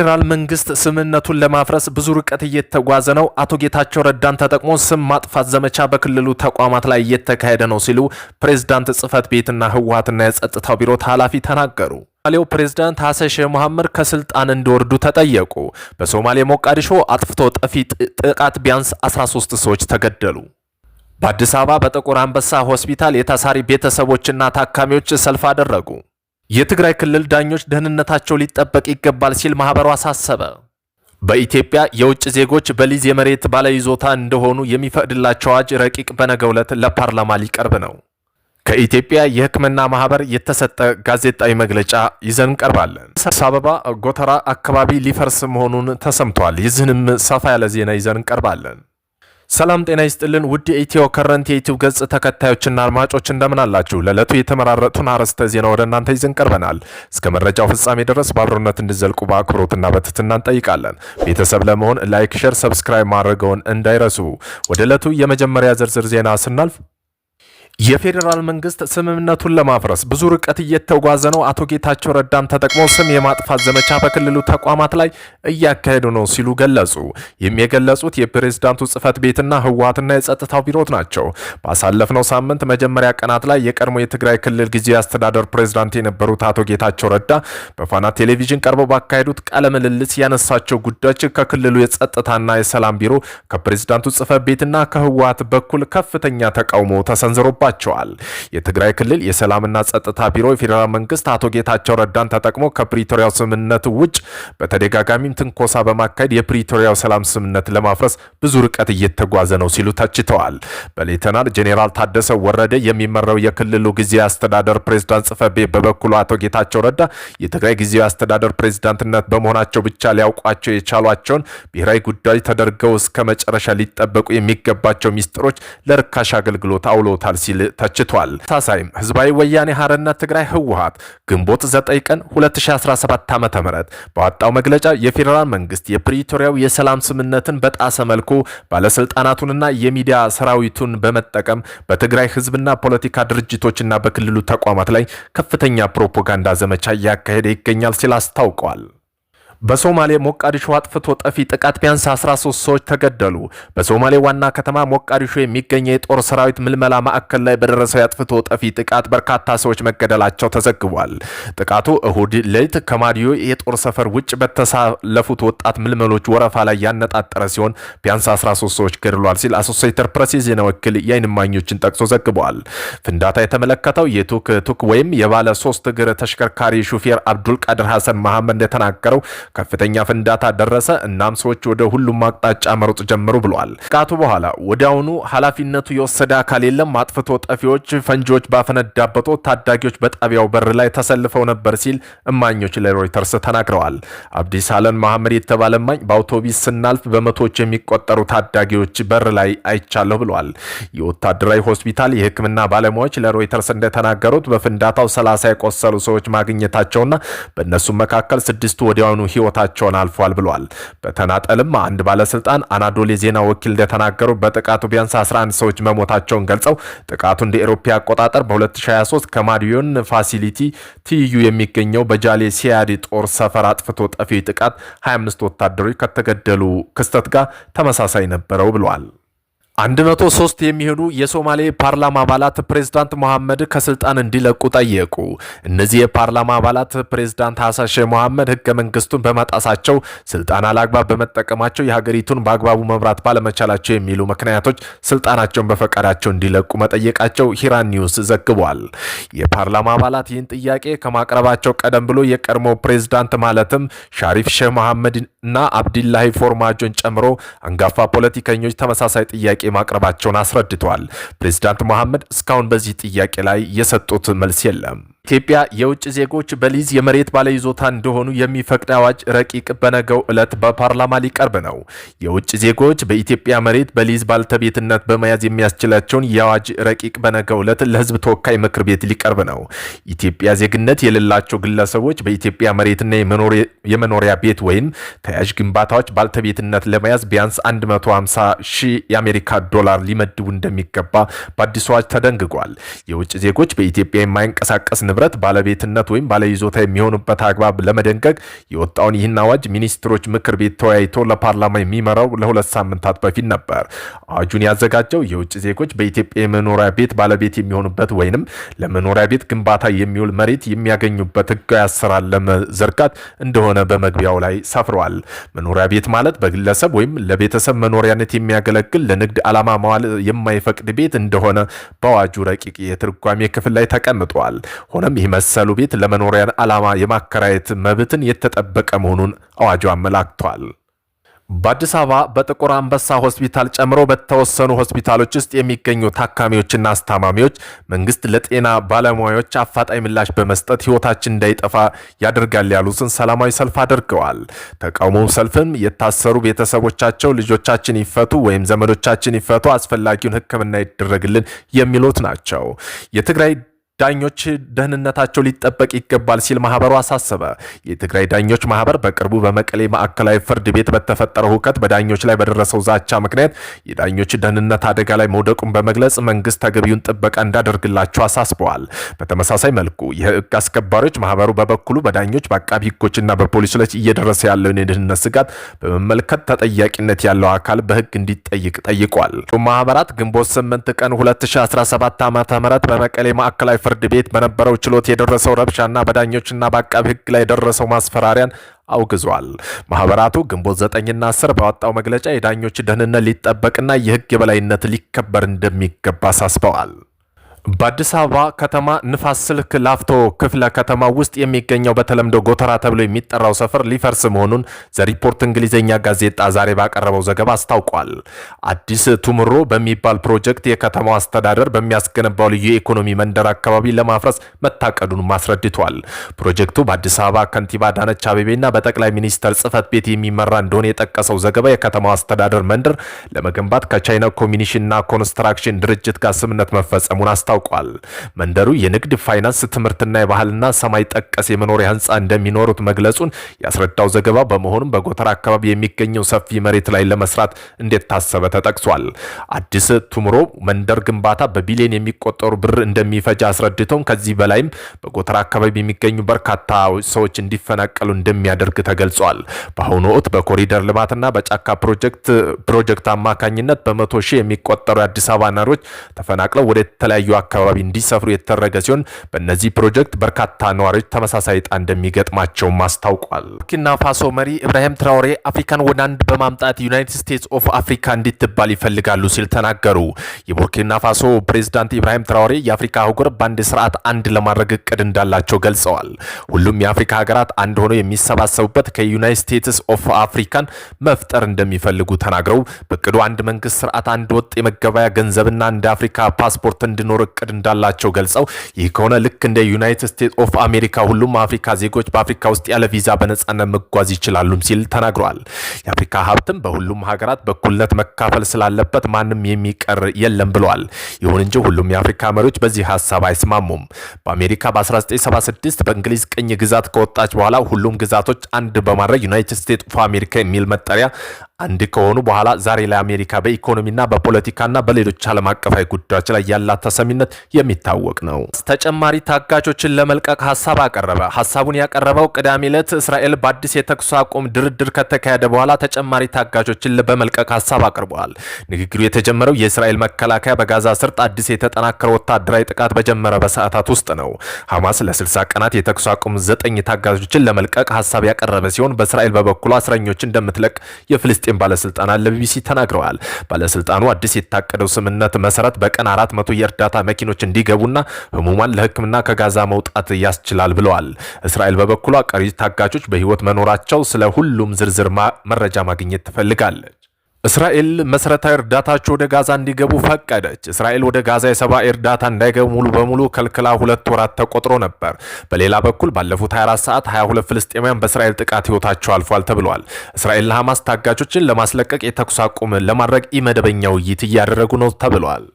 የፌዴራል መንግስት ስምምነቱን ለማፍረስ ብዙ ርቀት እየተጓዘ ነው፣ አቶ ጌታቸው ረዳን ተጠቅሞ ስም ማጥፋት ዘመቻ በክልሉ ተቋማት ላይ እየተካሄደ ነው ሲሉ ፕሬዝዳንት ጽህፈት ቤትና ህወሀትና የጸጥታው ቢሮ ኃላፊ ተናገሩ። ሶማሌው ፕሬዝዳንት ሐሰን ሼህ መሐመድ ከስልጣን እንዲወርዱ ተጠየቁ። በሶማሌ ሞቃዲሾ አጥፍቶ ጠፊ ጥቃት ቢያንስ 13 ሰዎች ተገደሉ። በአዲስ አበባ በጥቁር አንበሳ ሆስፒታል የታሳሪ ቤተሰቦችና ታካሚዎች ሰልፍ አደረጉ። የትግራይ ክልል ዳኞች ደህንነታቸው ሊጠበቅ ይገባል ሲል ማህበሩ አሳሰበ። በኢትዮጵያ የውጭ ዜጎች በሊዝ የመሬት ባለይዞታ እንደሆኑ የሚፈቅድላቸው አዋጅ ረቂቅ በነገውለት ዕለት ለፓርላማ ሊቀርብ ነው። ከኢትዮጵያ የሕክምና ማህበር የተሰጠ ጋዜጣዊ መግለጫ ይዘን ቀርባለን። አዲስ አበባ ጎተራ አካባቢ ሊፈርስ መሆኑን ተሰምቷል። ይህንንም ሰፋ ያለ ዜና ይዘን ቀርባለን። ሰላም ጤና ይስጥልን ውድ የኢትዮ ከረንት የዩቲዩብ ገጽ ተከታዮችና አድማጮች እንደምን አላችሁ? ለዕለቱ የተመራረጡን አርዕስተ ዜና ወደ እናንተ ይዘን ቀርበናል። እስከ መረጃው ፍጻሜ ድረስ በአብሮነት እንዲዘልቁ በአክብሮትና በትህትና እንጠይቃለን። ቤተሰብ ለመሆን ላይክ፣ ሸር፣ ሰብስክራይብ ማድረገውን እንዳይረሱ። ወደ ዕለቱ የመጀመሪያ ዝርዝር ዜና ስናልፍ የፌዴራል መንግስት ስምምነቱን ለማፍረስ ብዙ ርቀት እየተጓዘ ነው፣ አቶ ጌታቸው ረዳም ተጠቅሞ ስም የማጥፋት ዘመቻ በክልሉ ተቋማት ላይ እያካሄዱ ነው ሲሉ ገለጹ። ይህም የገለጹት የፕሬዝዳንቱ ጽህፈት ቤትና ህወሀትና የጸጥታው ቢሮት ናቸው። ባሳለፍነው ሳምንት መጀመሪያ ቀናት ላይ የቀድሞ የትግራይ ክልል ጊዜያዊ አስተዳደር ፕሬዝዳንት የነበሩት አቶ ጌታቸው ረዳ በፋና ቴሌቪዥን ቀርበው ባካሄዱት ቃለ ምልልስ ያነሳቸው ጉዳዮች ከክልሉ የጸጥታና የሰላም ቢሮ ከፕሬዝዳንቱ ጽህፈት ቤትና ከህወሀት በኩል ከፍተኛ ተቃውሞ ተሰንዝሮባቸው ተሰጥቷቸዋል። የትግራይ ክልል የሰላምና ጸጥታ ቢሮ የፌዴራል መንግስት አቶ ጌታቸው ረዳን ተጠቅሞ ከፕሪቶሪያው ስምምነት ውጭ በተደጋጋሚም ትንኮሳ በማካሄድ የፕሪቶሪያው ሰላም ስምምነት ለማፍረስ ብዙ ርቀት እየተጓዘ ነው ሲሉ ተችተዋል። በሌተናል ጄኔራል ታደሰ ወረደ የሚመራው የክልሉ ጊዜያዊ አስተዳደር ፕሬዝዳንት ጽሕፈት ቤት በበኩሉ አቶ ጌታቸው ረዳ የትግራይ ጊዜያዊ አስተዳደር ፕሬዝዳንትነት በመሆናቸው ብቻ ሊያውቋቸው የቻሏቸውን ብሔራዊ ጉዳዮች ተደርገው እስከ መጨረሻ ሊጠበቁ የሚገባቸው ሚስጥሮች ለርካሽ አገልግሎት አውሎታል ሲል ሲል ተችቷል። ታሳይም ህዝባዊ ወያኔ ሐርነት ትግራይ ህወሀት ግንቦት 9 ቀን 2017 ዓ.ም በወጣው መግለጫ የፌዴራል መንግስት የፕሪቶሪያው የሰላም ስምነትን በጣሰ መልኩ ባለስልጣናቱንና የሚዲያ ሰራዊቱን በመጠቀም በትግራይ ህዝብና ፖለቲካ ድርጅቶችና በክልሉ ተቋማት ላይ ከፍተኛ ፕሮፓጋንዳ ዘመቻ እያካሄደ ይገኛል ሲል አስታውቋል። በሶማሌ ሞቃዲሾ አጥፍቶ ጠፊ ጥቃት ቢያንስ 13 ሰዎች ተገደሉ። በሶማሌ ዋና ከተማ ሞቃዲሾ የሚገኘ የጦር ሰራዊት ምልመላ ማዕከል ላይ በደረሰው የአጥፍቶ ጠፊ ጥቃት በርካታ ሰዎች መገደላቸው ተዘግቧል። ጥቃቱ እሁድ ሌሊት ከማዲዮ የጦር ሰፈር ውጭ በተሳለፉት ወጣት ምልመሎች ወረፋ ላይ ያነጣጠረ ሲሆን ቢያንስ 13 ሰዎች ገድሏል ሲል አሶሴተር ፕሬስ የዜና ወኪል የዓይን እማኞችን ጠቅሶ ዘግቧል። ፍንዳታ የተመለከተው የቱክ ቱክ ወይም የባለ ሶስት እግር ተሽከርካሪ ሹፌር አብዱል ቃድር ሐሰን መሐመድ እንደተናገረው ከፍተኛ ፍንዳታ ደረሰ። እናም ሰዎች ወደ ሁሉም አቅጣጫ መሮጥ ጀመሩ ብሏል። ጥቃቱ በኋላ ወዲያውኑ ኃላፊነቱ የወሰደ አካል የለም። አጥፍቶ ጠፊዎች ፈንጂዎች ባፈነዳበት ታዳጊዎች በጣቢያው በር ላይ ተሰልፈው ነበር ሲል እማኞች ለሮይተርስ ተናግረዋል። አብዲስ አለን መሐመድ የተባለ እማኝ በአውቶቢስ ስናልፍ በመቶዎች የሚቆጠሩ ታዳጊዎች በር ላይ አይቻለሁ ብለዋል። የወታደራዊ ሆስፒታል የሕክምና ባለሙያዎች ለሮይተርስ እንደተናገሩት በፍንዳታው ሰላሳ የቆሰሉ ሰዎች ማግኘታቸውና በእነሱም መካከል ስድስቱ ወዲያውኑ ህይወታቸውን አልፏል ብሏል። በተናጠልም አንድ ባለስልጣን አናዶል የዜና ወኪል እንደተናገሩ በጥቃቱ ቢያንስ 11 ሰዎች መሞታቸውን ገልጸው ጥቃቱ እንደ ኤሮፓ አቆጣጠር በ2023 ከማዲዮን ፋሲሊቲ ትይዩ የሚገኘው በጃሌ ሲያዲ ጦር ሰፈር አጥፍቶ ጠፊ ጥቃት 25 ወታደሮች ከተገደሉ ክስተት ጋር ተመሳሳይ ነበረው ብሏል። አንድ ሶስት የሚሆኑ የሶማሌ ፓርላማ አባላት ፕሬዝዳንት መሐመድ ከስልጣን እንዲለቁ ጠየቁ። እነዚህ የፓርላማ አባላት ፕሬዝዳንት ሐሰን ሼህ መሐመድ ህገ መንግስቱን በመጣሳቸው ስልጣን አላግባብ በመጠቀማቸው የሀገሪቱን በአግባቡ መምራት ባለመቻላቸው የሚሉ ምክንያቶች ስልጣናቸውን በፈቃዳቸው እንዲለቁ መጠየቃቸው ሂራን ኒውስ ዘግቧል። የፓርላማ አባላት ይህን ጥያቄ ከማቅረባቸው ቀደም ብሎ የቀድሞ ፕሬዝዳንት ማለትም ሻሪፍ ሼህ መሐመድ እና አብዲላሂ ፎርማጆን ጨምሮ አንጋፋ ፖለቲከኞች ተመሳሳይ ጥያቄ ማቅረባቸውን አስረድተዋል። ፕሬዚዳንት መሐመድ እስካሁን በዚህ ጥያቄ ላይ የሰጡት መልስ የለም። ኢትዮጵያ የውጭ ዜጎች በሊዝ የመሬት ባለይዞታ እንደሆኑ የሚፈቅድ አዋጅ ረቂቅ በነገው ዕለት በፓርላማ ሊቀርብ ነው። የውጭ ዜጎች በኢትዮጵያ መሬት በሊዝ ባልተቤትነት በመያዝ የሚያስችላቸውን የአዋጅ ረቂቅ በነገው ዕለት ለሕዝብ ተወካይ ምክር ቤት ሊቀርብ ነው። ኢትዮጵያ ዜግነት የሌላቸው ግለሰቦች በኢትዮጵያ መሬትና የመኖሪያ ቤት ወይም ተያዥ ግንባታዎች ባልተቤትነት ለመያዝ ቢያንስ 150 ሺህ የአሜሪካ ዶላር ሊመድቡ እንደሚገባ በአዲሱ አዋጅ ተደንግጓል። የውጭ ዜጎች በኢትዮጵያ የማይንቀሳቀስ ንብረት ባለቤትነት ወይም ባለይዞታ የሚሆኑበት አግባብ ለመደንቀቅ የወጣውን ይህን አዋጅ ሚኒስትሮች ምክር ቤት ተወያይቶ ለፓርላማ የሚመራው ለሁለት ሳምንታት በፊት ነበር። አዋጁን ያዘጋጀው የውጭ ዜጎች በኢትዮጵያ የመኖሪያ ቤት ባለቤት የሚሆኑበት ወይንም ለመኖሪያ ቤት ግንባታ የሚውል መሬት የሚያገኙበት ህጋዊ አሰራር ለመዘርጋት እንደሆነ በመግቢያው ላይ ሰፍረዋል። መኖሪያ ቤት ማለት በግለሰብ ወይም ለቤተሰብ መኖሪያነት የሚያገለግል ለንግድ ዓላማ መዋል የማይፈቅድ ቤት እንደሆነ በአዋጁ ረቂቅ የትርጓሜ ክፍል ላይ ተቀምጧል። ሆነም ይህ መሰሉ ቤት ለመኖሪያን ዓላማ የማከራየት መብትን የተጠበቀ መሆኑን አዋጁ አመላክቷል። በአዲስ አበባ በጥቁር አንበሳ ሆስፒታል ጨምሮ በተወሰኑ ሆስፒታሎች ውስጥ የሚገኙ ታካሚዎችና አስታማሚዎች መንግስት ለጤና ባለሙያዎች አፋጣኝ ምላሽ በመስጠት ህይወታችን እንዳይጠፋ ያደርጋል ያሉትን ሰላማዊ ሰልፍ አድርገዋል። ተቃውሞ ሰልፍም የታሰሩ ቤተሰቦቻቸው ልጆቻችን ይፈቱ ወይም ዘመዶቻችን ይፈቱ፣ አስፈላጊውን ሕክምና ይደረግልን የሚሉት ናቸው። የትግራይ ዳኞች ደህንነታቸው ሊጠበቅ ይገባል ሲል ማህበሩ አሳሰበ። የትግራይ ዳኞች ማህበር በቅርቡ በመቀሌ ማዕከላዊ ፍርድ ቤት በተፈጠረው ሁከት በዳኞች ላይ በደረሰው ዛቻ ምክንያት የዳኞች ደህንነት አደጋ ላይ መውደቁን በመግለጽ መንግስት ተገቢውን ጥበቃ እንዳደርግላቸው አሳስበዋል። በተመሳሳይ መልኩ የህግ አስከባሪዎች ማህበሩ በበኩሉ በዳኞች በአቃቢ ህጎችና በፖሊሱ ላይ እየደረሰ ያለውን የደህንነት ስጋት በመመልከት ተጠያቂነት ያለው አካል በህግ እንዲጠይቅ ጠይቋል። ማህበራት ግንቦት 8 ቀን 2017 ዓ ም በመቀሌ ማዕከላዊ ፍርድ ቤት በነበረው ችሎት የደረሰው ረብሻና በዳኞችና በአቃቢ ሕግ ላይ የደረሰው ማስፈራሪያን አውግዟል። ማህበራቱ ግንቦት ዘጠኝና አስር ባወጣው መግለጫ የዳኞች ደህንነት ሊጠበቅና የህግ የበላይነት ሊከበር እንደሚገባ አሳስበዋል። በአዲስ አበባ ከተማ ንፋስ ስልክ ላፍቶ ክፍለ ከተማ ውስጥ የሚገኘው በተለምዶ ጎተራ ተብሎ የሚጠራው ሰፈር ሊፈርስ መሆኑን ዘሪፖርት እንግሊዝኛ ጋዜጣ ዛሬ ባቀረበው ዘገባ አስታውቋል። አዲስ ቱምሮ በሚባል ፕሮጀክት የከተማው አስተዳደር በሚያስገነባው ልዩ የኢኮኖሚ መንደር አካባቢ ለማፍረስ መታቀዱን አስረድቷል። ፕሮጀክቱ በአዲስ አበባ ከንቲባ አዳነች አቤቤና በጠቅላይ ሚኒስተር ጽህፈት ቤት የሚመራ እንደሆነ የጠቀሰው ዘገባ የከተማው አስተዳደር መንደር ለመገንባት ከቻይና ኮሚኒሽንና ኮንስትራክሽን ድርጅት ጋር ስምነት መፈጸሙን አስታ አስታውቋል። መንደሩ የንግድ ፋይናንስ፣ ትምህርትና የባህልና ሰማይ ጠቀስ የመኖሪያ ህንፃ እንደሚኖሩት መግለጹን ያስረዳው ዘገባ በመሆኑም በጎተራ አካባቢ የሚገኘው ሰፊ መሬት ላይ ለመስራት እንዴት ታሰበ ተጠቅሷል። አዲስ ቱምሮ መንደር ግንባታ በቢሊዮን የሚቆጠሩ ብር እንደሚፈጅ አስረድተውም ከዚህ በላይም በጎተራ አካባቢ የሚገኙ በርካታ ሰዎች እንዲፈናቀሉ እንደሚያደርግ ተገልጿል። በአሁኑ ወቅት በኮሪደር ልማትና በጫካ ፕሮጀክት ፕሮጀክት አማካኝነት በመቶ ሺህ የሚቆጠሩ የአዲስ አበባ ነዋሪዎች ተፈናቅለው ወደ ተለያዩ አካባቢ እንዲሰፍሩ የተደረገ ሲሆን በእነዚህ ፕሮጀክት በርካታ ነዋሪዎች ተመሳሳይ ዕጣ እንደሚገጥማቸውም አስታውቋል። ቡርኪና ፋሶ መሪ ኢብራሂም ትራውሬ አፍሪካን ወደ አንድ በማምጣት ዩናይትድ ስቴትስ ኦፍ አፍሪካ እንድትባል ይፈልጋሉ ሲል ተናገሩ። የቡርኪና ፋሶ ፕሬዚዳንት ኢብራሂም ትራውሬ የአፍሪካ አህጉር በአንድ ስርዓት አንድ ለማድረግ እቅድ እንዳላቸው ገልጸዋል። ሁሉም የአፍሪካ ሀገራት አንድ ሆነው የሚሰባሰቡበት ከዩናይትድ ስቴትስ ኦፍ አፍሪካን መፍጠር እንደሚፈልጉ ተናግረው በቅዱ አንድ መንግስት ስርዓት፣ አንድ ወጥ የመገበያ ገንዘብና እንደ አፍሪካ ፓስፖርት እንዲኖር እቅድ እንዳላቸው ገልጸው ይህ ከሆነ ልክ እንደ ዩናይትድ ስቴትስ ኦፍ አሜሪካ ሁሉም አፍሪካ ዜጎች በአፍሪካ ውስጥ ያለ ቪዛ በነጻነት መጓዝ ይችላሉም ሲል ተናግረዋል። የአፍሪካ ሀብትም በሁሉም ሀገራት በእኩልነት መካፈል ስላለበት ማንም የሚቀር የለም ብለዋል። ይሁን እንጂ ሁሉም የአፍሪካ መሪዎች በዚህ ሀሳብ አይስማሙም። በአሜሪካ በ1976 በእንግሊዝ ቅኝ ግዛት ከወጣች በኋላ ሁሉም ግዛቶች አንድ በማድረግ ዩናይትድ ስቴትስ ኦፍ አሜሪካ የሚል መጠሪያ አንድ ከሆኑ በኋላ ዛሬ ላይ አሜሪካ በኢኮኖሚና በፖለቲካና በሌሎች ዓለም አቀፋዊ ጉዳዮች ላይ ያላት ተሰሚነት የሚታወቅ ነው። ተጨማሪ ታጋቾችን ለመልቀቅ ሀሳብ አቀረበ። ሀሳቡን ያቀረበው ቅዳሜ ዕለት እስራኤል በአዲስ የተኩስ አቁም ድርድር ከተካሄደ በኋላ ተጨማሪ ታጋቾችን በመልቀቅ ሀሳብ አቅርበዋል። ንግግሩ የተጀመረው የእስራኤል መከላከያ በጋዛ ስርጥ አዲስ የተጠናከረ ወታደራዊ ጥቃት በጀመረ በሰዓታት ውስጥ ነው። ሐማስ ለ60 ቀናት የተኩስ አቁም ዘጠኝ ታጋቾችን ለመልቀቅ ሀሳብ ያቀረበ ሲሆን በእስራኤል በበኩሉ እስረኞች እንደምትለቅ የፍልስጤ የፍልስጤም ባለስልጣናት ለቢቢሲ ተናግረዋል። ባለስልጣኑ አዲስ የታቀደው ስምምነት መሰረት በቀን አራት መቶ የእርዳታ መኪኖች እንዲገቡና ህሙማን ለህክምና ከጋዛ መውጣት ያስችላል ብለዋል። እስራኤል በበኩሏ ቀሪ ታጋቾች በህይወት መኖራቸው ስለ ሁሉም ዝርዝር መረጃ ማግኘት ትፈልጋለች። እስራኤል መሰረታዊ እርዳታቸው ወደ ጋዛ እንዲገቡ ፈቀደች። እስራኤል ወደ ጋዛ የሰብአዊ እርዳታ እንዳይገቡ ሙሉ በሙሉ ከልክላ ሁለት ወራት ተቆጥሮ ነበር። በሌላ በኩል ባለፉት 24 ሰዓት 22 ፍልስጤማውያን በእስራኤል ጥቃት ሕይወታቸው አልፏል ተብሏል። እስራኤል ለሐማስ ታጋቾችን ለማስለቀቅ የተኩስ አቁም ለማድረግ ኢመደበኛ ውይይት እያደረጉ ነው ተብሏል።